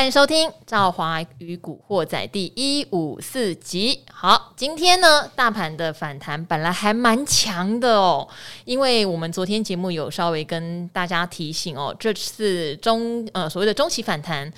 歡迎收聽《趙華與古惑仔》第一五四集。好，今天呢，大盤的反彈本來還蠻強的哦，因為我們昨天節目有稍微跟大家提醒哦，這次中呃所謂的中期反彈，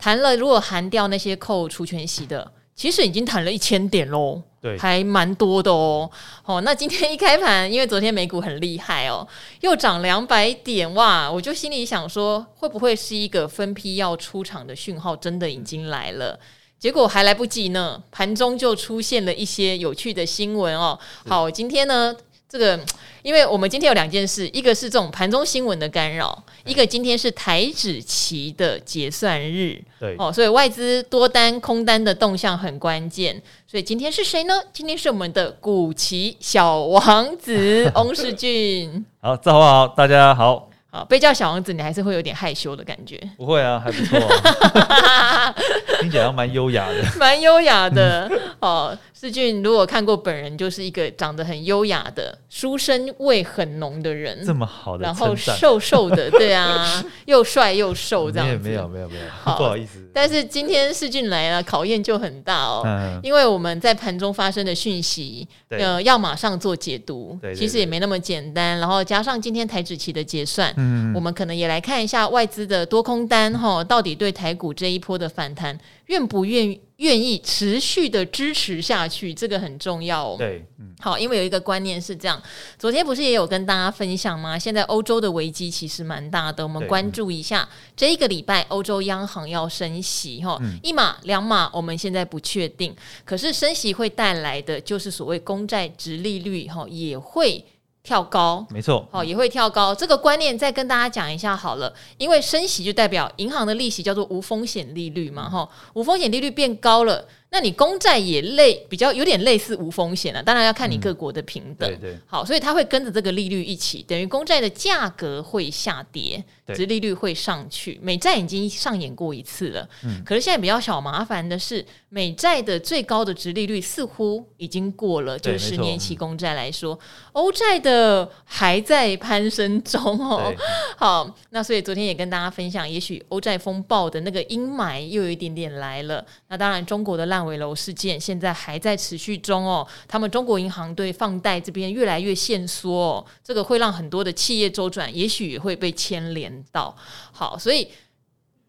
彈了如果含掉那些扣除權息的。其實已經彈了一千點嘍，對，還蠻多的哦。哦，那今天一開盤，因為昨天美股很厲害哦，又漲兩百點哇，我就心裡想說，會不會是一個分批要出場的訊號真的已經來了、嗯？結果還來不及呢，盤中就出現了一些有趣的新聞哦。嗯、好，今天呢。這個，因為我們今天有兩件事，一個是這種盤中新聞的干擾，一個今天是台指期的結算日，對對，哦，所以外資多單空單的動向很關鍵，所以今天是誰呢？今天是我們的股期小王子 翁士峻， 好，好不好，大家好。被叫小王子，你還是會有點害羞的感覺。不會啊，還不錯，啊， 聽起來蠻優雅的，蠻優雅的。哦，士峻，如果看過本人，就是一個長得很優雅的、書生味很濃的人，這麼好的稱讚，然後瘦瘦的，對啊， 又帥又瘦這樣子。沒有沒有沒有好，不好意思。但是今天士峻來了，考驗就很大哦，嗯、因為我們在盤中發生的訊息對，呃，要馬上做解讀對對對，其實也沒那麼簡單。然後加上今天台指期的結算。嗯嗯，我們可能也來看一下外資的多空單哈，到底對台股這一波的反彈願不願意，願意持續的支持下去，這個很重要哦。對，嗯，好，因為有一個觀念是這樣，昨天不是也有跟大家分享嗎？現在歐洲的危機其實蠻大的，我們關注一下、嗯、這一個禮拜歐洲央行要升息哈，一碼兩碼我們現在不確定，可是升息會帶來的就是所謂公債殖利率哈，也會。跳高，沒錯，好，也會跳高。這個觀念再跟大家講一下好了，因為升息就代表銀行的利息叫做無風險利率嘛，吼，無風險利率變高了。那你公債也類比較有點類似無風險了，啊，當然要看你各國的平等。嗯、對對，好，所以它會跟着這個利率一起，等於公債的價格會下跌，對，殖利率會上去。美債已經上演過一次了，嗯，可是現在比較小麻煩的是，美債的最高的殖利率似乎已經過了，就是十年期公債來說，歐債、嗯、的還在攀升中哦。好，那所以昨天也跟大家分享，也許歐債風暴的那個陰霾又有一點點來了。那當然，中國的爛。尾樓事件現在還在持續中哦，他們中國銀行對放貸這邊越來越限縮哦，這個會讓很多的企業周轉，也許也會被牽連到。好，所以。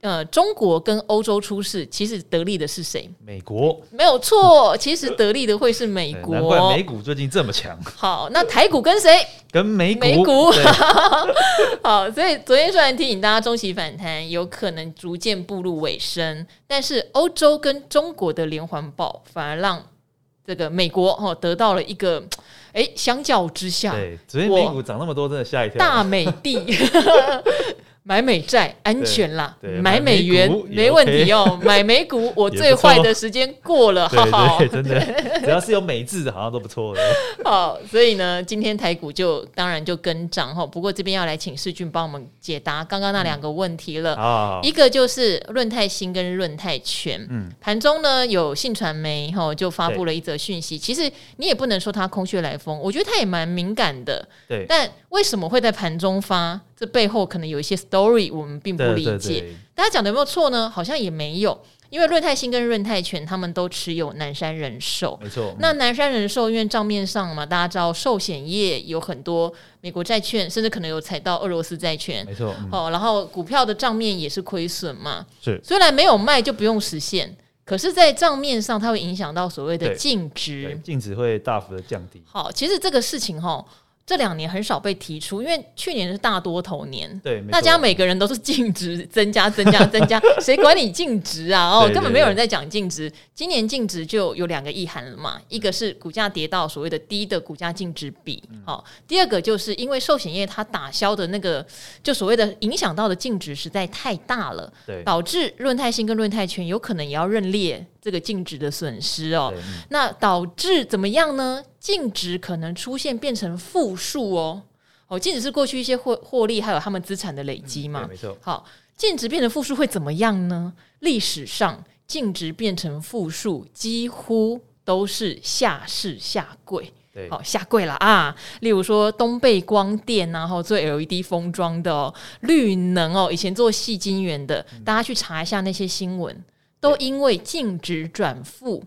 呃，中國跟歐洲出事，其實得利的是誰？美國。沒有錯，其實得利的會是美國。欸、難怪美股最近這麼強。好，那台股跟誰？跟美股。美股。 好，所以昨天雖然提醒大家中期反彈有可能逐漸步入尾聲，但是歐洲跟中國的連環爆，反而讓這個美國哦得到了一個、欸、相較之下，對，昨天美股漲那麼多，真的嚇一跳。大美帝。 買美債安全啦，買美元買、OK、沒問題哦、喔。買美股，我最壞的時間過了，哈 哈不錯， 真的， 只要是有美字，好像都不錯的。好，所以呢，今天台股就當然就跟漲齁。不過這邊要來請士峻幫我們解答剛剛那兩個問題了。啊、嗯，一個就是潤泰新跟潤泰全，嗯，盤中呢有信傳媒哈就發布了一則訊息，其實你也不能說它空穴來風，我覺得它也蠻敏感的，對，但。為什麼會在盤中發？這背後可能有一些 story，我們並不理解。對對對對，大家講的有沒有錯呢？好像也沒有，因為潤泰新跟潤泰全他們都持有南山人壽，沒錯。那南山人壽、嗯、因為賬面上嘛，大家知道壽險業有很多美國債券，甚至可能有踩到俄羅斯債券，沒錯。哦、嗯，然後股票的賬面也是虧損嘛，是。雖然沒有賣就不用實現，可是，在賬面上它會影響到所謂的淨值，淨值會大幅的降低。好，其實這個事情哈。這兩年很少被提出，因為去年是大多頭年，對，大家每個人都是淨值增加、增加、增加， 增加誰管你淨值啊？ 哦，根本沒有人在講淨值，對對對。今年淨值就有兩個意涵了嘛、嗯，一個是股價跌到所謂的低的股價淨值比、嗯，哦，第二個就是因為壽險業它打消的那個，就所謂的影響到的淨值實在太大了，導致潤泰新跟潤泰全有可能也要認列這個淨值的損失哦、嗯。那導致怎麼樣呢？淨值可能出現變成負數哦，哦，淨值是過去一些獲獲利還有他們資產的累積嘛、嗯，沒錯。好，淨值變成負數會怎麼樣呢？歷史上淨值變成負數幾乎都是下市下櫃，好下櫃了啊。例如說東貝光電、啊，然後做 LED 封裝的哦，綠能哦，以前做矽晶圓的，大家去查一下那些新聞、嗯，都因為淨值轉負。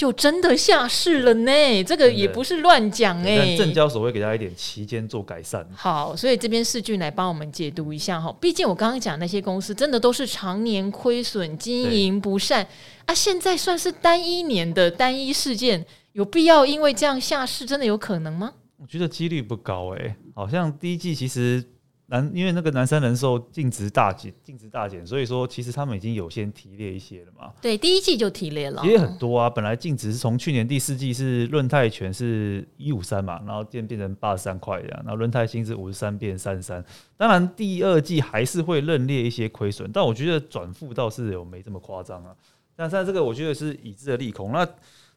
就真的下市了呢，這個也不是亂講哎。但證交所會給他一點期間做改善。好，所以這邊士峻來幫我們解讀一下哈，畢竟我剛剛講那些公司真的都是常年虧損、經營不善啊，現在算是單一年的單一事件，有必要因為這樣下市真的有可能嗎？我覺得幾率不高誒、欸，好像第一季其實。南因為那個南山人壽淨值大減，淨值大減，所以說其實他們已經有先提列一些了嘛。對，第一季就提列了，提很多啊。本來淨值是從去年第四季是潤泰全是一五三嘛，然後現在變成八十三塊這樣，然後潤泰新是五十三變三十三。當然第二季還是會認列一些虧損，但我覺得轉負倒是有沒這麼誇張啊。但現在這個我覺得是已知的利空，那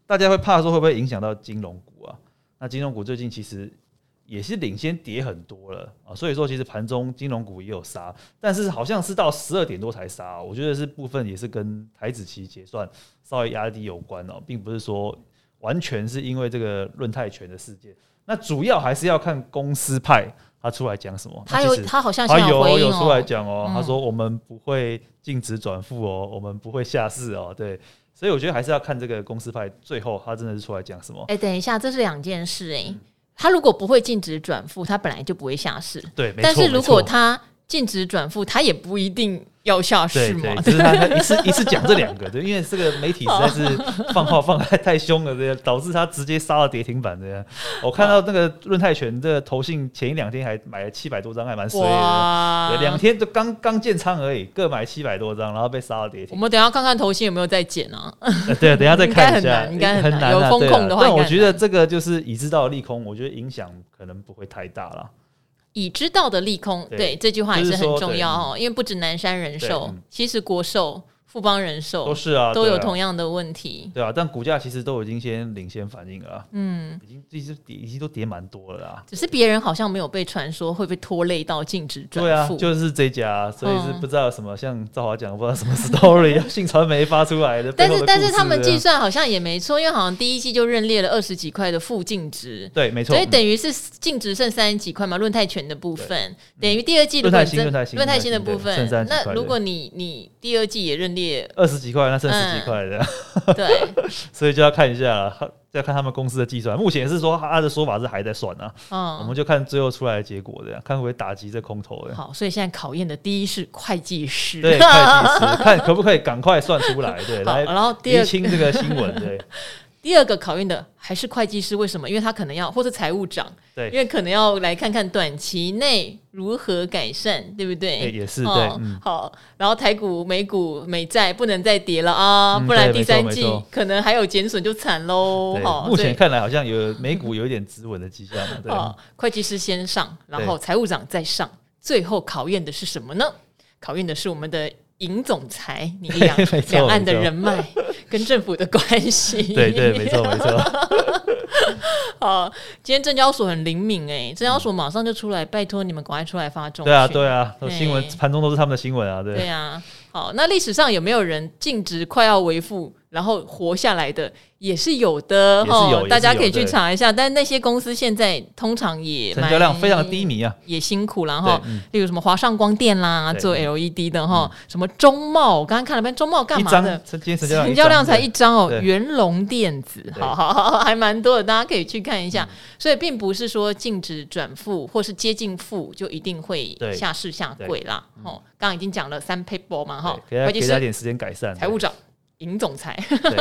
大家會怕說會不會影響到金融股啊？那金融股最近其實也是領先跌很多了啊，所以說其實盤中金融股也有殺，但是好像是到十二點多才殺，啊，我覺得是部分也是跟台指期結算稍微壓低有關哦，啊，並不是說完全是因為這個潤泰全的事件。那主要還是要看公司派他出來講什麼。他有，他，有他好像他有，哦，有，有出來講哦，嗯，他說我們不會淨值轉負哦，我們不會下市哦，對，所以我覺得還是要看這個公司派最後他真的是出來講什麼。誒，欸，等一下，這是兩件事誒，欸。嗯他如果不會淨值轉負，他本來就不會下市。對，沒錯。但是如果他淨值轉負，他也不一定要下市嘛。就是他一次 一次講這兩個，對，因為這個媒體實在是放話 放的太凶了，這導致他直接殺了跌停板的。我看到那個潤泰全的投信前一兩天還買了七百多張，還蠻衰的。兩天就剛剛建倉而已，各買七百多張，然後被殺了跌停。我們等一下看看投信有沒有再減啊、呃？對，等一下再看一下。應該很難,該很難,、欸很難啊，有風控的話、啊、我覺得這個就是已知到利空，我覺得影響可能不會太大了。已知道的利空，對，對，這句話也是很重要哦。因為不止南山人壽，其實國壽。富邦人壽都是啊，都有同樣的問題。對啊，對啊，但股價其實都已經先領先反應了。嗯，已經這一跌，已經都跌蠻多了啦。只是別人好像沒有被傳說會被拖累到淨值轉負。對啊，就是這家，所以是不知道有什麼，嗯、像趙華講不知道什麼 story， 信傳媒發出來的。 的但是但是他們計算好像也沒錯，因為好像第一季就認列了二十幾塊的負淨值。對，沒錯。所以等於是淨值剩三十幾塊嘛，潤泰全的部分，嗯、等於第二季的潤泰新潤泰新，新的部分的，那如果你你第二季也認定。二十幾塊，那剩十幾塊的，嗯、 對，所以就要看一下，就要看他們公司的計算。目前是說，他的說法是還在算啊。嗯，我們就看最後出來的結果，這樣看會不會打擊這空頭的。好，所以現在考驗的第一是會計師，對，會計師 看可不可以趕快算出來，對，來釐清這個新聞，對。 第二個考驗的還是會計師，為什麼？因為他可能要，或是財務長，對，因為可能要來看看短期內如何改善，對不對？欸、也是、哦、對、嗯。好，然後台股、美股、美債不能再跌了啊、嗯，不然第三季可能還有減損就慘嘍、哦。目前看來好像有美股有一點止穩的跡象了。啊、哦，會計師先上，然後財務長再上，最後考驗的是什麼呢？考驗的是我們的尹總裁，你兩兩岸的人脈。 跟政府的關係， 對，對對，沒錯 沒錯錯笑。好，今天證交所很靈敏哎、欸，證交所馬上就出來，嗯、拜托你們趕快出來發重。對啊對啊，欸、新聞盤中都是他們的新聞啊，對。對啊，好，那歷史上有沒有人淨值快要為負？然後活下來的也是有的哈，大家可以去查一下。但那些公司現在通常也成交量非常低迷啊，也辛苦然後哈、嗯。例如什麼華上光電啦，做 LED 的哈、嗯，什麼中茂，我剛剛看了篇中茂幹嘛的，的？成交量才一張哦。元隆電子，好好好，還蠻多的，大家可以去看一下。所以並不是說淨值轉負或是接近負就一定會下市下櫃啦。哦，剛剛已經講了三 paper 嘛哈，給他給他點時間改善。財務長。林總裁，對，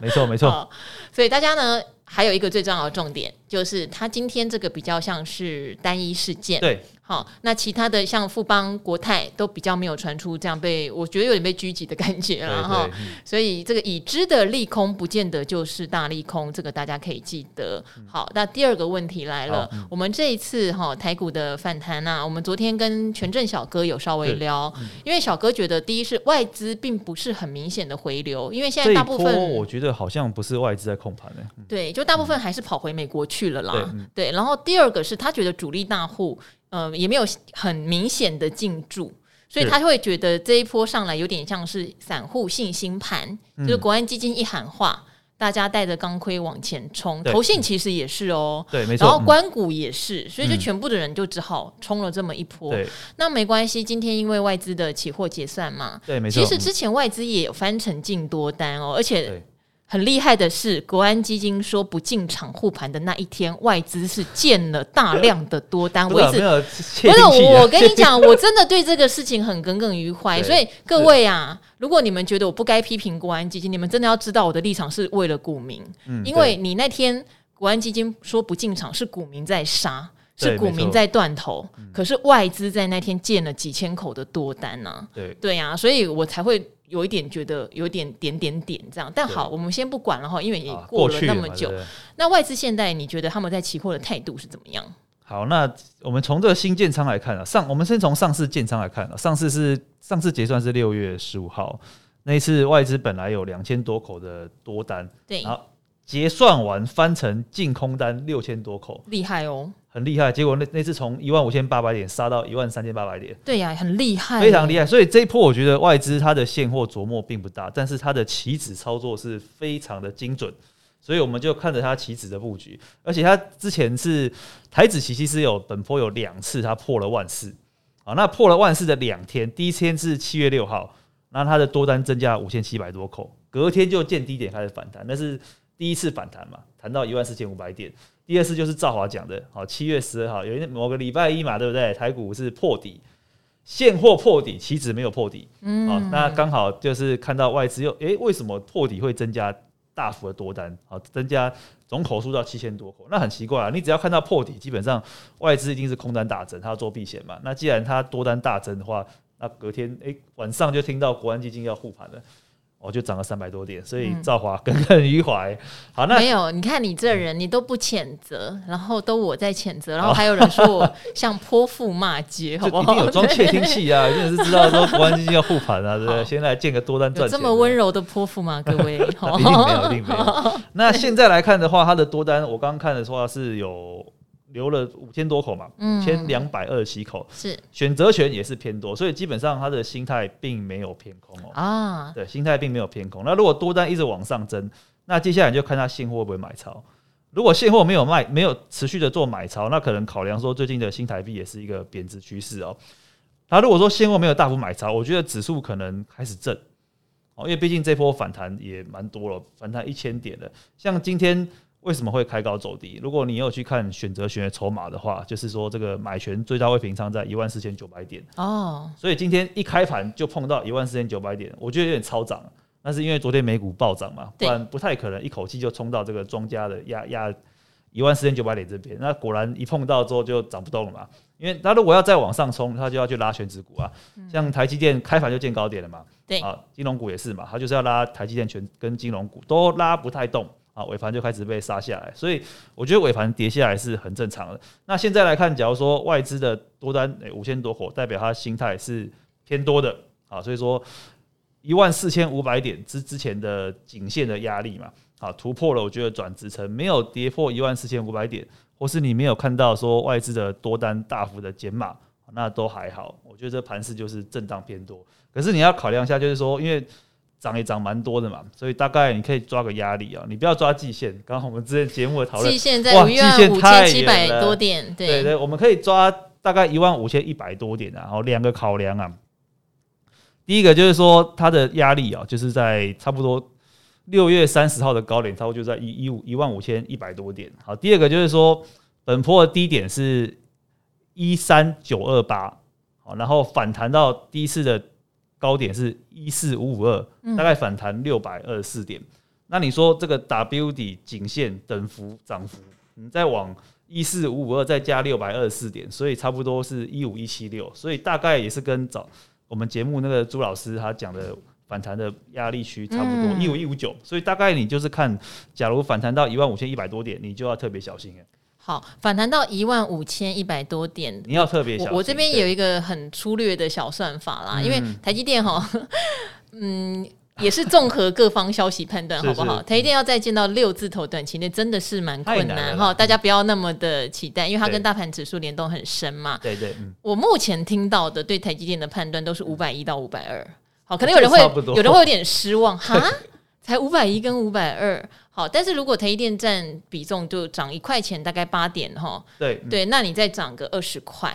沒錯，沒錯 。所以大家呢，還有一個最重要的重點，就是他今天這個比較像是單一事件。對。好，那其他的像富邦、國泰都比較沒有傳出這樣被，我覺得有點被狙擊的感覺了哈、嗯。所以這個已知的利空不見得就是大利空，這個大家可以記得。嗯、好，那第二個問題來了，嗯、我們這一次哈台股的反彈啊，我們昨天跟權證小哥有稍微聊、嗯，因為小哥覺得第一是外資並不是很明顯的回流，因為現在大部分我覺得好像不是外資在控盤呢、嗯。對，就大部分還是跑回美國去了啦。對，嗯、對然後第二個是他覺得主力大戶。嗯、呃，也沒有很明顯的進駐，所以他會覺得這一波上來有點像是散戶信心盤，就是國安基金一喊話，嗯、大家帶着鋼盔往前衝。投信其實也是哦、喔，對，沒錯。然後官股也是、嗯，所以就全部的人就只好衝了這麼一波。對那沒關係，今天因為外資的期貨結算嘛，對，沒錯。其實之前外資也有翻成淨多單哦、喔，而且。很厲害的是，國安基金說不進場護盤的那一天，外資是建了大量的多單。位、 啊。不是我，我跟你講， 我真的對這個事情很耿耿於懷。所以各位啊，如果你們覺得我不該批評國安基金，你們真的要知道我的立場是為了股民。嗯，因為你那天國安基金說不進場，是股民在殺。是股民在斷頭、嗯，可是外資在那天建了幾千口的多單呢、啊？對對呀、啊，所以我才會有一點覺得有點點點點這樣。但好，我們先不管了哈，因為也過了那麼久。啊、對對對，那外資現在你覺得他們在期貨的態度是怎麼樣？好，那我們從這個新建倉來看啊，上我們先從上次建倉來看了、啊，上次是上次結算是六月十五號，那一次外資本來有兩千多口的多單，對。結算完翻成淨空單六千多口，厲害哦，很厲害。結果那那次從一萬五千八百點殺到一萬三千八百點，對呀，很厲害，非常厲害。所以這一波我覺得外資它的現貨著墨並不大，但是它的期指操作是非常的精準。所以我們就看着它期指的布局，而且它之前是台指期其實有本波有兩次它破了萬四啊，那破了萬四的兩天，第一天是七月六號，那它的多單增加五千七百多口，隔天就見低點開始反彈，但是。第一次反彈嘛，彈到一萬四千五百點。第二次就是趙華講的，好、哦，七月十二號，有一個某個禮拜一嘛，對不對？台股是破底，現貨破底，期指沒有破底，嗯，好、哦，那剛好就是看到外資又，哎、欸，為什麼破底會增加大幅的多單？好、哦，增加總口數到七千多口，那很奇怪啊。你只要看到破底，基本上外資一定是空單大增，他要做避險嘛。那既然他多單大增的話，那隔天哎、欸、晚上就聽到國安基金要護盤了。哦就漲了三百多點，所以趙華耿耿於懷。好，那沒有，你看你這人，嗯、你都不譴責，然後都我在譴責，然後還有人說我像潑婦罵街，好不好？有裝竊聽器啊？有人是知道說國安基金要護盤啊，對不對？先來建個多單賺錢。這麼溫柔的潑婦嗎？各位 好，那一定沒有，一定沒有。那現在來看的話，它的多單，我剛剛看的時候是有。留了五千多口嘛，五千兩百二十七口是選擇權也是偏多，所以基本上他的心態並沒有偏空哦、喔、啊，對，心態並沒有偏空。那如果多單一直往上增，那接下來你就看他現貨會不會買超。如果現貨沒有賣，沒有持續的做買超，那可能考量說最近的新台幣也是一個貶值趨勢哦。他如果說現貨沒有大幅買超，我覺得指數可能開始掙哦、喔，因為畢竟這波反彈也蠻多了，反彈一千點的，像今天。為什麼會開高走低？如果你有去看選擇權籌碼的話，就是說這個買權最大會平倉在一萬四千九百點哦，所以今天一開盤就碰到一萬四千九百點，我覺得有點超漲。那是因為昨天美股暴漲嘛，不然不太可能一口氣就衝到這個莊家的壓壓一萬四千九百點這邊。那果然一碰到之後就漲不動了嘛，因為他如果要再往上衝，他就要去拉權值股，啊，像台積電開盤就見高點了嘛，對啊，金融股也是嘛，他就是要拉台積電權跟金融股都拉不太動。啊，尾盤就開始被殺下來，所以我覺得尾盤跌下來是很正常的。那現在來看，假如說外資的多單誒、欸，五千多口代表他心態是偏多的啊，所以說一萬四千五百點之之前的頸線的壓力嘛，啊突破了，我覺得轉支撐沒有跌破一萬四千五百點，或是你沒有看到說外資的多單大幅的減碼，那都還好，我覺得這盤勢就是震盪偏多。可是你要考量一下，就是說因為。漲也漲蠻多的嘛，所以大概你可以抓個壓力啊，你不要抓季線，剛好，我們之前節目的討論，季線在季線太遠了，對對，我們可以抓大概一萬五千一百多點啊，然後兩個考量，啊，第一個就是說它的壓力啊，就是在差不多六月三十號的高點，差不多就在一一五一萬五千一百多點。好，第二個就是說本波的低點是一三九二八，好，然後反彈到第一次的。高點是一四五五二，大概反彈六百二十四點、嗯。那你說這個 W 底頸線等幅漲幅，你再往一四五五二再加六百二十四點，所以差不多是一五一七六。所以大概也是跟早我們節目那個朱老師他講的反彈的壓力區差不多一五一五九。嗯、一五一五九,所以大概你就是看，假如反彈到一萬五千一百多點，你就要特別小心了好，反彈到一萬五千一百多點。你要特別想，我我這邊有一個很粗略的小算法啦，嗯、因為台積電哈，嗯，也是綜合各方消息判斷，好不好？是是台積電要再見到六字頭短，短期內真的是蠻困難哈。大家不要那麼的期待，因為它跟大盤指數聯動很深嘛。對對，對、嗯。我目前聽到的對台積電的判斷都是五百一到五百二。好，可能有人會，啊、有人會有點失望哈。才五百一跟五百二，好，但是如果台積電占比重就漲一塊錢，大概八點哈，對對、嗯，那你再漲個二十塊，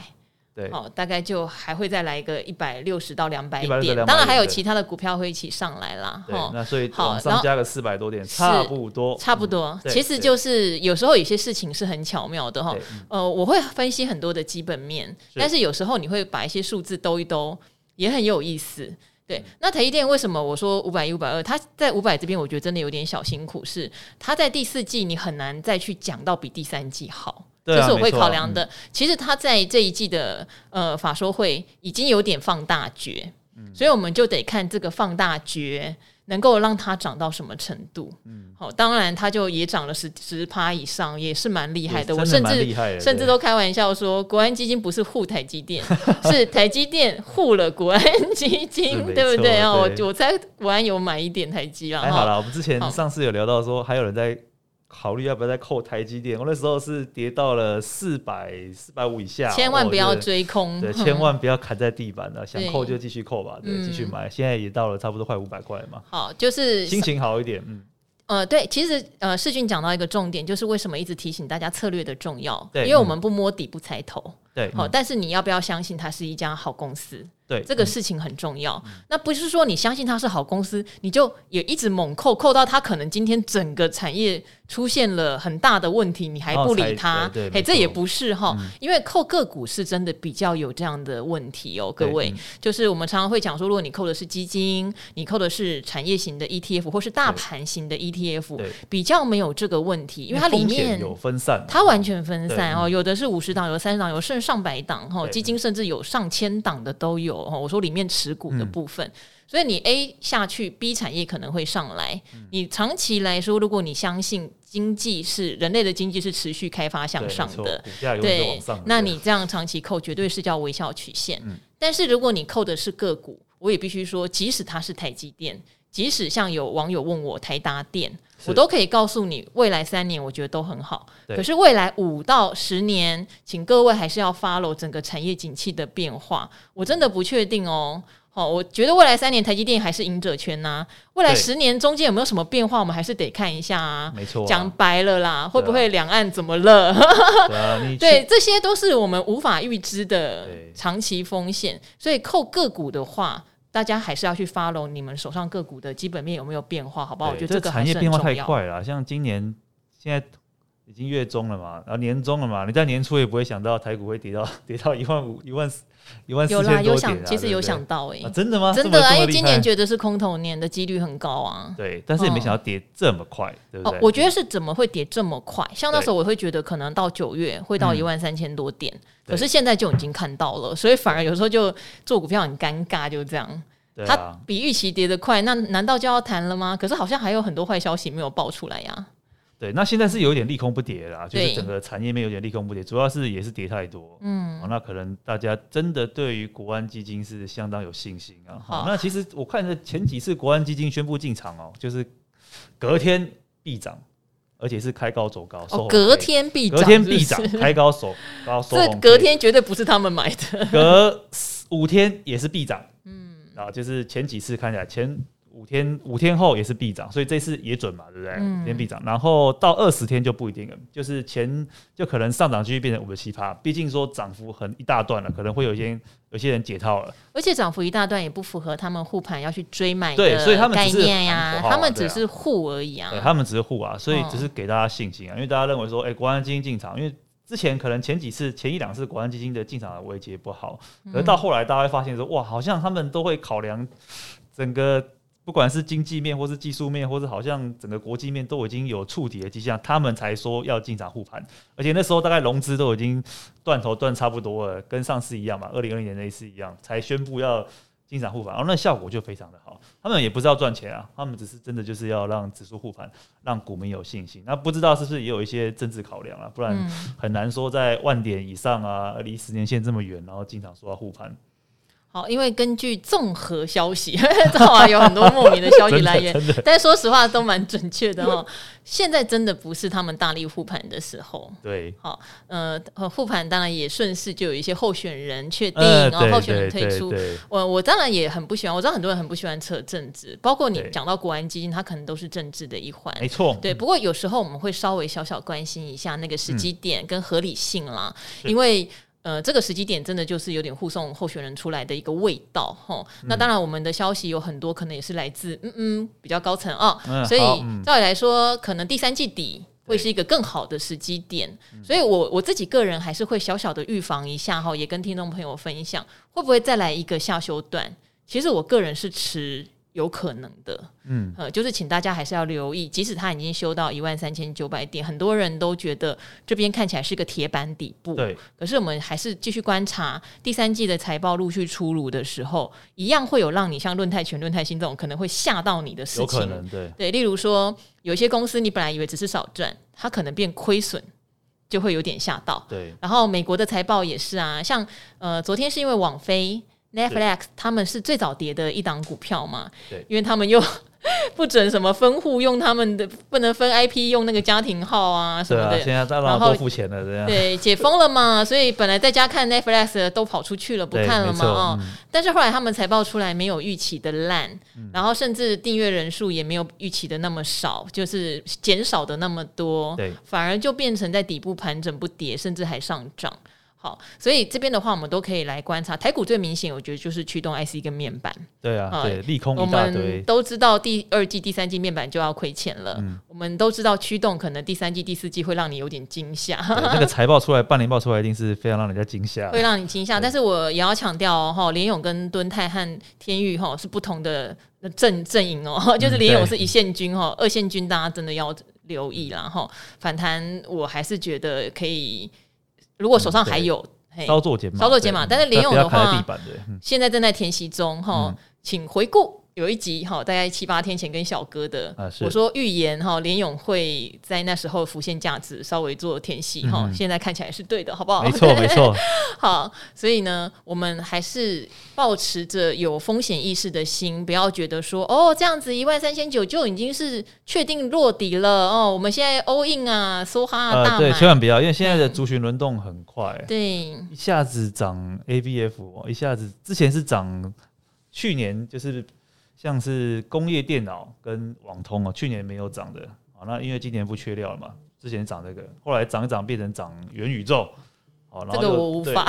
對好，大概就還會再來一個一百六十到兩百點200，當然還有其他的股票會一起上來啦。哈，那所以往上加個四百多點，差不多，差不多，其實就是有時候有些事情是很巧妙的哈，呃，我會分析很多的基本面，但是有時候你會把一些數字兜一兜，也很有意思。對，那台積電為什麼我說五百一五百二？520，他在五百這邊，我覺得真的有點小辛苦，是他在第四季你很難再去講到比第三季好，對啊，這是我會考量的，嗯。其實他在這一季的呃法說會已經有點放大絕，嗯，所以我們就得看這個放大絕。能夠讓它漲到什麼程度？好、嗯哦，當然它就也漲了十十趴以上，也是蠻厲害，害的。我甚至害的甚至都開玩笑說，國安基金不是護台積電， 是台積電護了國安基金， 對不對啊？我我在國安有買一點台積啦。好啦，我們之前上次有聊到說，還有人在。考慮要不要再扣台積電？我那時候是跌到了四百四百五以下，千萬不要追空，嗯，對，千萬不要砍在地板了。嗯，想扣就繼續扣吧，對，繼、嗯、續買。現在也到了差不多快五百塊嘛。好、哦，就是心情好一點，嗯，呃，對，其實呃，士峻講到一個重點，就是為什麼一直提醒大家策略的重要，對，因為我們不摸底不猜頭。嗯對，好、哦、嗯，但是你要不要相信它是一家好公司？對，這個事情很重要。嗯、那不是說你相信它是好公司，你就也一直猛扣扣到它可能今天整個產業出現了很大的問題，你還不理它？哎、哦，這也不是哈、哦、嗯，因為扣個股是真的比較有這樣的問題哦，各位。嗯、就是我們常常會講說，如果你扣的是基金，你扣的是產業型的 ETF 或是大盤型的 ETF，對，比較沒有這個問題，因為，因為它裡面有分散，它完全分散哦，有的是五十檔，有三十檔，有甚。上百檔，基金甚至有上千檔的都有、嗯、我說裡面持股的部分，嗯、所以你 A 下去，B 產業可能會上來、嗯。你長期來說，如果你相信經濟是人類的經濟是持續開發向上的，對，對對，那你這樣長期扣，絕對是叫微笑曲線、嗯。但是如果你扣的是個股，我也必須說，即使它是台積電。即使像有網友問我台達電，我都可以告訴你，未來三年我覺得都很好。可是未來五到十年，請各位還是要 follow 整個產業景氣的變化。我真的不確定哦、喔。好、喔，我覺得未來三年台積電還是贏者圈吶、啊。未來十年中間有沒有什麼變化，我們還是得看一下啊。沒錯、啊，講白了啦，會不會兩岸怎麼了對、啊 對啊？對，這些都是我們無法預知的長期風險。所以，扣個股的話。大家還是要去 follow 你們手上個股的基本面有沒有變化，好不好？我覺得這個產業變化太快了，像今年現在已經月中了嘛，然後年終了嘛，你在年初也不會想到台股會跌到跌到一萬五、一萬四。啊、有啦，有想。其實有想到誒、欸啊，真的嗎？真的啊，因為、欸、今年覺得是空頭年的幾率很高啊。對，但是也沒想到跌這麼快，嗯、對對、哦？我覺得是怎麼會跌這麼快？像那時候我會覺得可能到九月會到一萬三千多點，可是現在就已經看到了，所以反而有時候就做股票很尷尬，就這樣。對、啊、他比預期跌得快，那難道就要彈了嗎？可是好像還有很多壞消息沒有爆出來呀、啊。對，那現在是有點利空不跌了啦，就是整個產業面有點利空不跌，主要是也是跌太多，嗯，喔、那可能大家真的對於國安基金是相當有信心啊。嗯、那其實我看着前幾次國安基金宣布進場哦、喔，就是隔天必漲，而且是開高走高，哦、收紅 K, 隔天必漲，隔天必漲，開高走高，這隔天絕對不是他們買的，隔五天也是必漲，嗯，然、喔、後就是前幾次看起來前。五天五天後也是必漲，所以這次也準嘛，對不對？五、嗯、天必漲，然後到二十天就不一定了，就是前就可能上漲繼續變成五十七趴。畢竟說漲幅很一大段了，可能會有一些有些人解套了，而且漲幅一大段也不符合他們護盤要去追買的、啊。對，所以他們概念呀，他們只是護而已啊，他們只是護啊，啊，啊，啊，所以只是給大家信心啊，哦、因為大家認為說，哎、欸，國安基金進場，因為之前可能前幾次前一兩次國安基金的進場的機結不好，而、嗯、到後來大家會發現說，哇，好像他們都會考量整個。不管是經濟面，或是技術面，或是好像整個國際面都已經有觸底的跡象，他們才說要進場護盤。而且那時候大概融資都已經斷頭斷差不多了，跟上次一樣嘛，二零二零年那一次一樣，才宣布要進場護盤。那效果就非常的好。他們也不是要賺錢啊，他們只是真的就是要讓指數護盤，讓股民有信心。那不知道是不是也有一些政治考量啊？不然很難說在萬點以上啊，離十年線這麼遠，然後經常說要護盤。因為根據綜合消息，知道 華 有很多莫名的消息來源， 但說實話都蠻準確的哈。 現在真的不是他們大力護盤的時候。對，好，呃，護盤當然也順勢就有一些候選人確定、呃，然後候選人退出。對對對對我我當然也很不喜歡，我知道很多人很不喜歡扯政治，包括你講到國安基金，它可能都是政治的一環，沒錯。對，不過有時候我們會稍微小小關心一下那個時機點跟合理性啦，嗯、因為。呃，這個時機點真的就是有點護送候選人出來的一個味道哈。那當然，我們的消息有很多，可能也是來自嗯嗯比較高層啊、哦嗯。所以、嗯、照理來說，可能第三季底會是一個更好的時機點。所以我我自己個人還是會小小的預防一下哈，也跟聽眾朋友分享，會不會再來一個下修段？其實我個人是持有可能的，嗯，呃，就是請大家還是要留意，即使它已經修到一萬三千九百點，很多人都覺得這邊看起來是個鐵板底部，對。可是我們還是繼續觀察第三季的財報陸續出爐的時候，一樣會有讓你像潤泰全、潤泰新這種可能會嚇到你的事情。有可能對，對，例如說有些公司你本來以為只是少賺，它可能變虧損，就會有點嚇到。對。然後美國的財報也是啊，像呃昨天是因為網飛。Netflix 他們是最早跌的一檔股票嘛？對，因為他們又不准什麼分戶用他們的，不能分 IP 用那個家庭號啊什麼的。現在大老闆都付錢了，這樣對，對解封了嘛？ 所以本來在家看 Netflix 的都跑出去了，不看了嘛哦、嗯，但是後來他們財報出來，沒有預期的爛、嗯，然後甚至訂閱人數也沒有預期的那麼少，就是減少的那麼多，反而就變成在底部盤整不跌，甚至還上漲。所以這邊的話，我們都可以來觀察台股最明顯，我覺得就是驅動 IC 跟面板。對啊，哦、對，利空一大堆，我們都知道第二季、第三季面板就要虧錢了、嗯。我們都知道驅動可能第三季、第四季會讓你有點驚嚇。那個財報出來， 半年報出來一定是非常讓人家驚嚇，會讓你驚嚇。但是我也要強調哦，吼，聯詠跟敦泰和天鈺吼、哦、是不同的陣陣營哦，就是聯詠是一線軍哦，嗯、二線軍大家真的要留意了吼、哦，反彈我還是覺得可以。如果手上還有操作減碼、操作減碼，但是連用的話，在地板的、嗯，現在正在填息中哈、嗯，請回顧。有一集哈，大概七八天前跟小哥的，啊、我說預言哈，聯勇會在那時候浮現價值，稍微做填息哈，現在看起來是對的，好不好？沒錯， 沒錯。好，所以呢，我們還是抱持着有風險意識的心，不要覺得說哦，這樣子一萬三千九就已經是確定落底了哦，我們現在 all in 啊，梭哈啊，大買，呃、對，千萬不要，因為現在的族群輪動很快對，對，一下子漲 ABF，哦、一下子之前是漲去年就是。像是工業電腦跟網通啊，去年沒有漲的啊，那因為今年不缺料了嘛，之前漲這個，後來漲一漲變成漲元宇宙，哦、啊，這個我無法，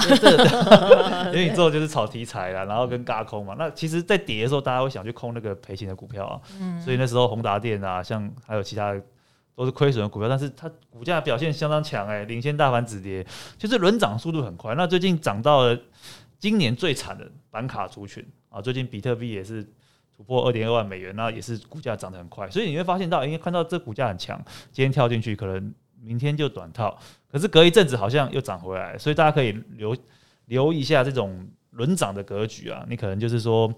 元宇宙就是炒題材啦，然後跟軋空嘛，那其實，在跌的時候，大家會想去空那個賠錢的股票啊，嗯、所以那時候宏達電啊，像還有其他都是虧損的股票，但是它股價表現相當強哎、欸，領先大盤止跌，就是輪漲速度很快，那最近漲到了今年最慘的板卡族群啊，最近比特幣也是。突破二點二萬美元，那也是股價漲得很快，所以你會發現到，為、欸、看到這股價很強，今天跳進去，可能明天就短套，可是隔一陣子好像又漲回來，所以大家可以留留意一下這種輪漲的格局啊。你可能就是說，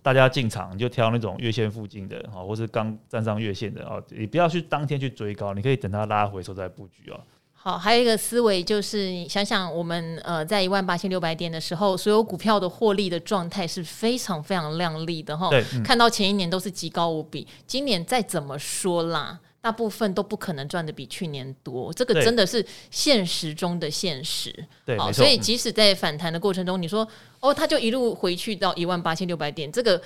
大家進場就挑那種月線附近的啊，或是剛站上月線的啊，你不要去當天去追高，你可以等它拉回收再布局啊。好，還有一個思維就是，你想想我們呃，在一萬八千六百點的時候，所有股票的獲利的狀態是非常非常亮麗的哈、嗯。看到前一年都是極高無比，今年再怎麼說啦，大部分都不可能賺的比去年多，這個真的是現實中的現實。好、哦，所以即使在反彈的過程中，嗯、你說哦，他就一路回去到一萬八千六百點，這個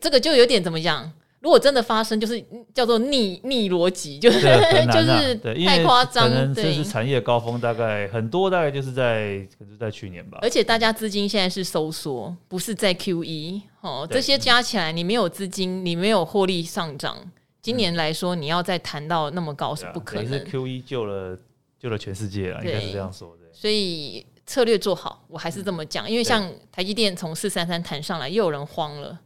這個就有點怎麼講？如果真的發生，就是叫做逆逆邏輯，就是，是、啊啊、 就是太誇張。可能這是產業高峰，大概很多大概就是在可就是在去年吧。而且大家資金現在是收縮，不是在 QE 哦，這些加起來你沒有資金，你沒有獲利上漲、嗯，今年來說你要再彈到那麼高是不可能。嗯嗯啊、是 QE 救了救了全世界啊，應該是這樣說的。所以策略做好，我還是這麼講、嗯，因為像台積電從四三三彈上來，又有人慌了。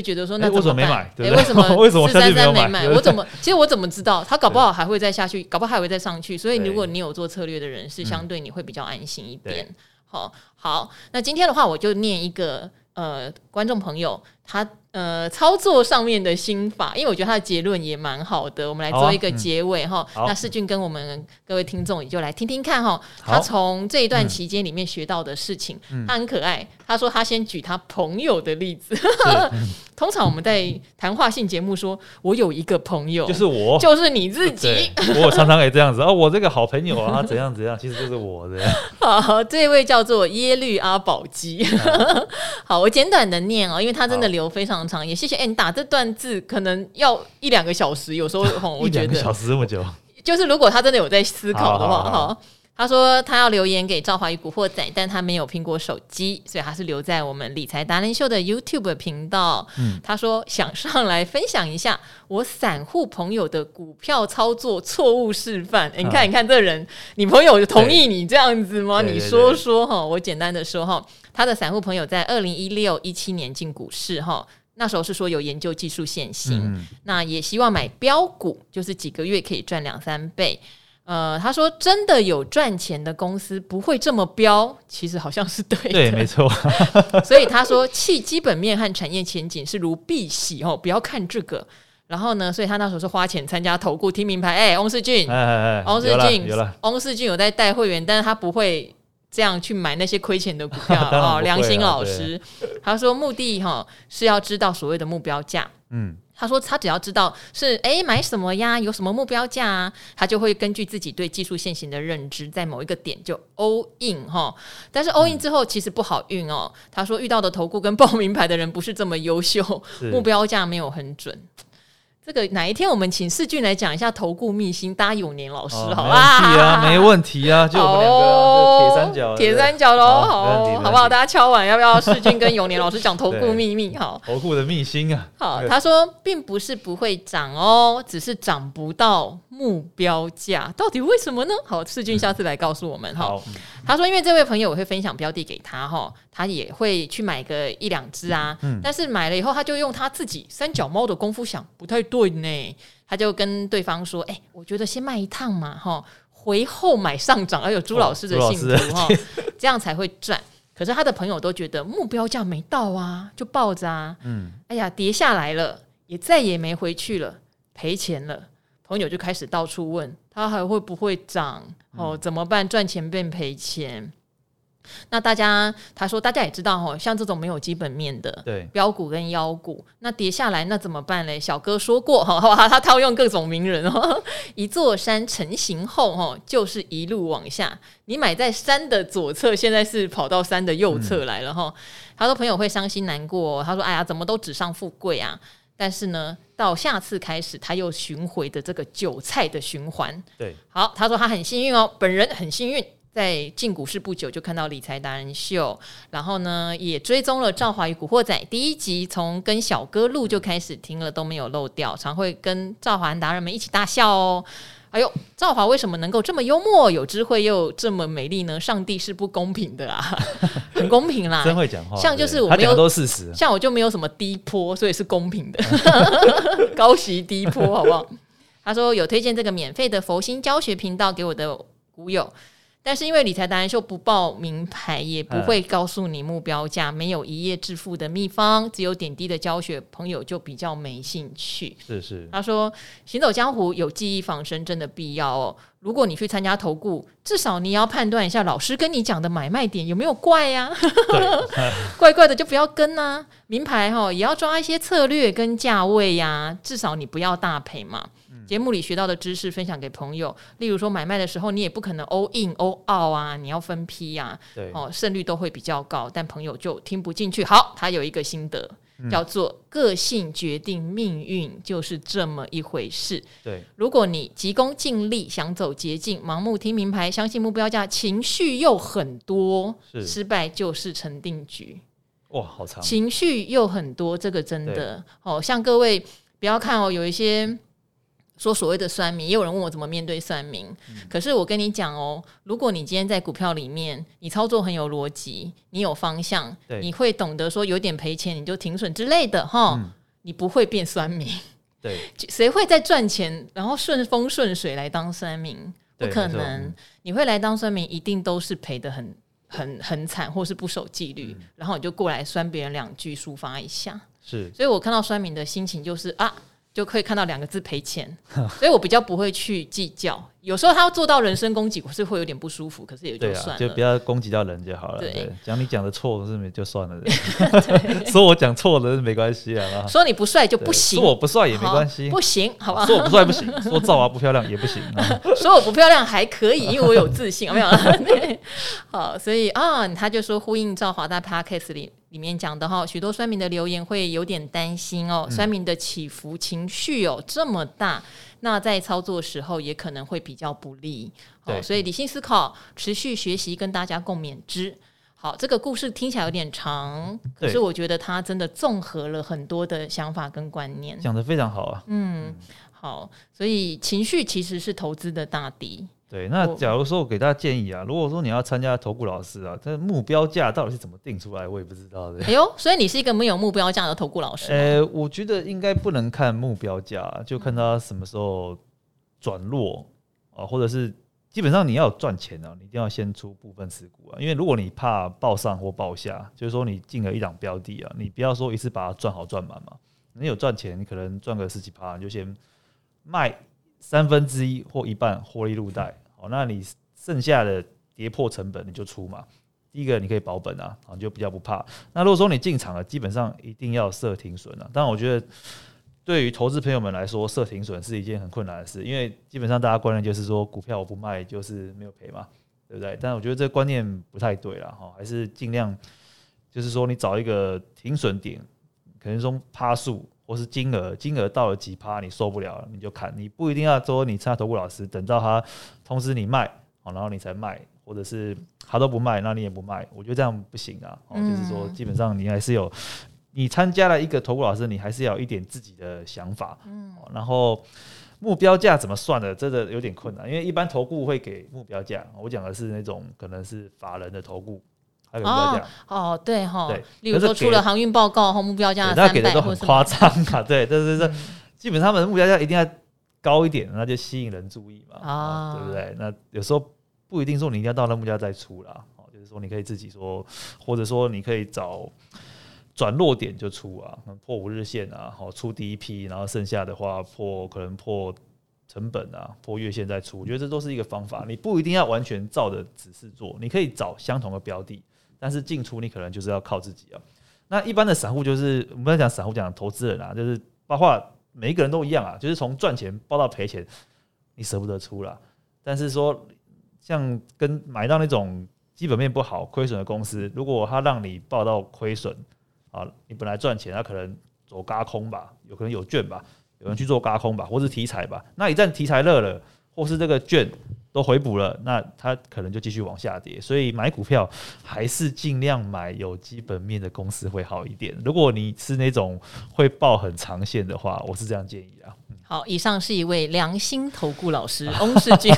就覺得說那怎麼辦？欸、我怎麼沒買？對，對，對、欸，為什麼為什麼四三三沒買？對對對對我怎麼，其實我怎麼知道？他搞不好還會再下去，對對對對會再去，搞不好還會再上去。所以如果你有做策略的人，是相對你會比較安心一點。好，好，那今天的話我就念一個呃，觀眾朋友。他呃，操作上面的心法，因為我覺得他的結論也蠻好的，我們來做一個結尾哈、哦嗯。那士峻跟我們各位聽眾也就來聽聽看哈，他從這一段期間裡面學到的事情，嗯、他很可愛、嗯。他說他先舉他朋友的例子，嗯 嗯、通常我們在談話性節目說，我有一個朋友，就是我，就是你自己。我常常也這樣子啊、 哦，我這個好朋友啊，他怎樣怎樣， 其實就是我這樣。好，這位叫做耶律阿保機。嗯、 好，我簡短的念哦、喔，因為他真的。留非常長，也謝謝。哎、欸，你打這段字可能要一兩個小時，有時候哈，我覺得一兩個小時那麼久 就是如果他真的有在思考的話，哈，他說他要留言給趙華宇古惑仔，但他沒有蘋果手機，所以他是留在我們理財達人秀的 YouTube 頻道、嗯。他說想上來分享一下我散戶朋友的股票操作錯誤示範、嗯欸嗯。你看，你看這人，你朋友同意你這樣子嗎？對對對對，你說說哈，我簡單的說哈。他的散戶朋友在二零一六一七年進股市哈，那時候是說有研究技術線型，那也希望買標股，就是幾個月可以賺兩三倍。呃，他說真的有賺錢的公司不會這麼標，其實好像是對的，對，沒錯。 所以他說，棄基本面和產業前景是如敝屣，哦，不要看這個。然後呢，所以他那時候是花錢參加投顧聽明牌，哎、欸，翁士峻，哎哎，哎翁士峻，有了，有了翁士峻有在帶會員，但是他不會。這樣去買那些虧錢的股票啊、哦！良心老師，他說目的哈、哦、是要知道所謂的目標價。嗯，他說他只要知道是誒、欸、買什麼呀，有什麼目標價、啊，他就會根據自己對技術線型的認知，在某一個點就 all in 哈、哦。但是 all in 之後其實不好運哦、嗯。他說遇到的投顧跟報名牌的人不是這麼優秀，目標價沒有很準。這個哪一天我們請士峻來講一下投顧秘辛，搭永年老師好，好不好啊？沒問題啊， 就我們兩個、啊哦、鐵三角，鐵三角嘍，好，好，好不好？大家敲碗要不要士峻跟永年老師講投顧秘密？哈， 投顧的秘辛啊。好，他說，並不是不會漲哦，只是漲不到目標價，到底為什麼呢？好，士峻下次來告訴我們哈、嗯嗯。他說因為這位朋友我會分享標的給他哈。他也會去買個一兩只啊、嗯，但是買了以後，他就用他自己三腳貓的功夫，想不太對呢。他就跟對方說：“哎、欸，我覺得先賣一趟嘛，吼，回後買上漲，要有朱老師的幸福哈、哦哦，這樣才會賺。 ”可是他的朋友都覺得目標價沒到啊，就抱着啊。嗯，哎呀，跌下來了，也再也沒回去了，賠錢了。朋友就開始到處問他還會不會漲、嗯、哦？怎麼辦？賺錢變賠錢？那大家，他說，大家也知道哈，像這種沒有基本面的，對，飆股跟妖股，那跌下來那怎麼辦嘞？小哥說過哈，好吧，他套用各種名人哦，一座山成型後哈，就是一路往下，你買在山的左側，現在是跑到山的右側來了哈、嗯。他說朋友會傷心難過，他說哎呀，怎麼都紙上富貴啊？但是呢，到下次開始他又巡迴的這個韭菜的循環，對，好，他說他很幸運哦，本人很幸運。在進股市不久，就看到理財達人秀，然後呢，也追蹤了趙華與古惑仔第一集，從跟小哥錄就開始聽了，都沒有漏掉，常會跟趙華達人們一起大笑哦。哎呦，趙華為什麼能夠這麼幽默、有智慧又這麼美麗呢？上帝是不公平的啊， 很公平啦。真會講話，像就是我沒有，他講都事實。像我就沒有什麼低波，所以是公平的， 高息低波，好不好？ 他說有推薦這個免費的佛心教學頻道給我的股友。但是因為理財達人秀不報名牌，也不會告訴你目標價、啊，沒有一夜致富的秘方，只有點滴的教學，朋友就比較沒興趣。是是，他說行走江湖有記憶防身真的必要哦。如果你去參加投顧，至少你要判斷一下老師跟你講的買賣點有沒有怪呀、啊 啊，怪怪的就不要跟吶、啊。名牌哈也要抓一些策略跟價位呀、啊，至少你不要大賠嘛。節目裡學到的知識分享給朋友，例如說買賣的時候，你也不可能 all in all out 啊，你要分批啊對，哦，勝率都會比較高，但朋友就聽不進去。好，他有一個心得、嗯，叫做個性決定命運，就是這麼一回事。對，如果你急功近利，想走捷徑，盲目聽名牌，相信目標價，情緒又很多是，失敗就是成定局。哇，好長！情緒又很多，這個真的哦，像各位不要看哦，有一些。說所謂的酸民，也有人問我怎麼面對酸民。嗯、可是我跟你講哦、喔，如果你今天在股票裡面，你操作很有邏輯，你有方向，你會懂得說有點賠錢你就停損之類的哈，嗯、你不會變酸民。對，誰會在賺錢然後順風順水來當酸民？不可能，嗯、你會來當酸民，一定都是賠得很很很慘，或是不守紀律，嗯、然後你就過來酸別人兩句抒發一下。是，所以我看到酸民的心情就是啊。就可以看到兩個字，賠錢，所以我比較不會去計較。有時候他做到人身攻擊，我是會有點不舒服，可是也就算、啊、就不要攻擊到人就好了。對，講你講的錯是沒就算了， 說我講錯了沒關係啊。說你不帥就不行。說我不帥也沒關係，不行好吧？說我不帥不行，說趙華不漂亮也不行。啊、 說我不漂亮還可以，因為我有自信，有 沒有。好，所以啊，他就說呼應趙華大 Podcast 裡。裡面講的哈，許多酸民的留言會有點擔心哦、嗯，酸民的起伏情緒哦這麼大，那在操作時候也可能會比較不利。對，哦、所以理性思考，持續學習，跟大家共勉之。好，這個故事聽起來有點長，可是我覺得它真的綜合了很多的想法跟觀念，講得非常好啊嗯。嗯，好，所以情緒其實是投資的大敵。對，那假如說我給大家建議啊，如果說你要參加投顧老師啊，他的目標價到底是怎麼定出來，我也不知道的。哎呦，所以你是一個沒有目標價的投顧老師。呃、欸，我覺得應該不能看目標價，就看他什麼時候轉弱、嗯、啊，或者是基本上你要賺錢啊，你一定要先出部分持股啊，因為如果你怕爆上或爆下，就是說你進了一檔標的啊，你不要說一次把它賺好賺滿嘛，你有賺錢，你可能賺個十幾趴，你就先賣。三分之一或一半獲利入袋，好，那你剩下的跌破成本你就出嘛。第一個你可以保本啊，啊就比較不怕。那如果說你進場了，基本上一定要設停損了，啊。但我覺得對於投資朋友們來說，設停損是一件很困難的事，因為基本上大家觀念就是說股票我不賣就是沒有賠嘛，對不對？但我覺得這觀念不太對了哈，還是盡量就是說你找一個停損點，可能說趴數。或是金額，金額到了幾趴你受不了你就砍，你不一定要說你參加投顧老師，等到他通知你賣，好，然後你才賣，或者是他都不賣，那你也不賣，我覺得這樣不行啊。哦，就是說基本上你還是有，你參加了一個投顧老師，你還是要有一點自己的想法。嗯，然後目標價怎麼算的，這個有點困難，因為一般投顧會給目標價。我講的是那種可能是法人的投顧。哦，對哈，對，例如說出了航運報告和目標價，大家給的都很誇張啊，對，就是、這這這，基本上他們的目標價一定要高一點， 那就吸引人注意嘛、哦啊，對不對？那有時候不一定說你一定要到那目標再出啦，哦，就是說你可以自己說，或者說你可以找轉落點就出啊，破五日線啊，好，出第一批，然後剩下的話破可能破成本啊，破月線再出，我覺得這都是一個方法，你不一定要完全照着指示做，你可以找相同的標的。但是進出你可能就是要靠自己啊。那一般的散戶就是我們講散戶講投資人啊，就是包括每一個人都一樣啊，就是從賺錢抱到賠錢，你舍不得出了。但是說像跟買到那種基本面不好虧損的公司，如果他讓你抱到虧損啊，你本來賺錢，他可能走軋空吧，有可能有券吧，有人去做軋空吧，或是題材吧。那一旦題材熱了，或是這個券都回補了，那它可能就繼續往下跌。所以買股票還是盡量買有基本面的公司會好一點。如果你是那種會抱很長線的話，我是這樣建議的、啊。好，以上是一位良心投顧老師 翁士峻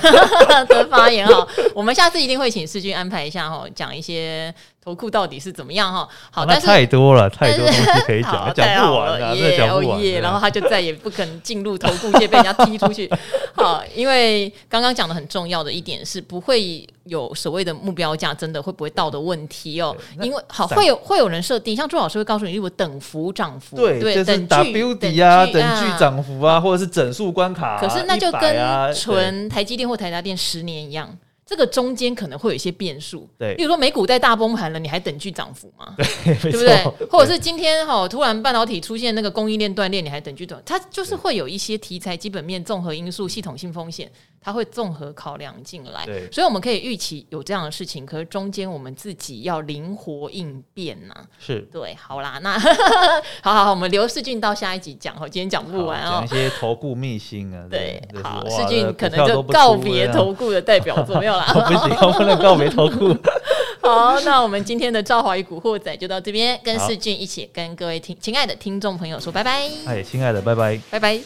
的發言哈， 我們下次一定會請士峻安排一下哈，講一些。投顧到底是怎麼樣哈？好，但、啊、是太多了，嗯、太多了可以講，講、嗯、不完啊，也講、yeah, 不完、oh yeah,。然後他就再也不肯進入投顧界， 被人家踢出去。好，因為剛剛講的很重要的一點是，不會有所謂的目標價真的會不會到的問題哦。因為好會有會有人設定，像朱老師會告訴你，如果等幅漲幅，對，對，就是 W 底啊，等距漲幅啊，或者是整數關卡，啊，可是那就跟存台積電或台達電十年一樣。這個中間可能會有一些變數，比如說美股在大崩盤了，你還等距漲幅嗎？對，對不對？或者是今天哈突然半導體出現那個供應鏈斷裂，你還等距漲？它就是會有一些題材基本面綜合因素、系統性風險。他會綜合考量進來，所以我們可以預期有這樣的事情，可是中間我們自己要靈活應變吶、啊。是對，好啦，那好 好好，我們留士峻到下一集講哦，今天講不完哦、喔，講一些投顧秘辛啊。對，對好，士峻可能就告別投顧的代表作，沒有啦，我 不行，我不能告別投顧。好，那我們今天的《趙華與古惑仔》就到這邊，跟士峻一起跟各位聽親愛的，親愛的聽眾朋友說拜拜。哎，親愛的，拜拜，拜拜。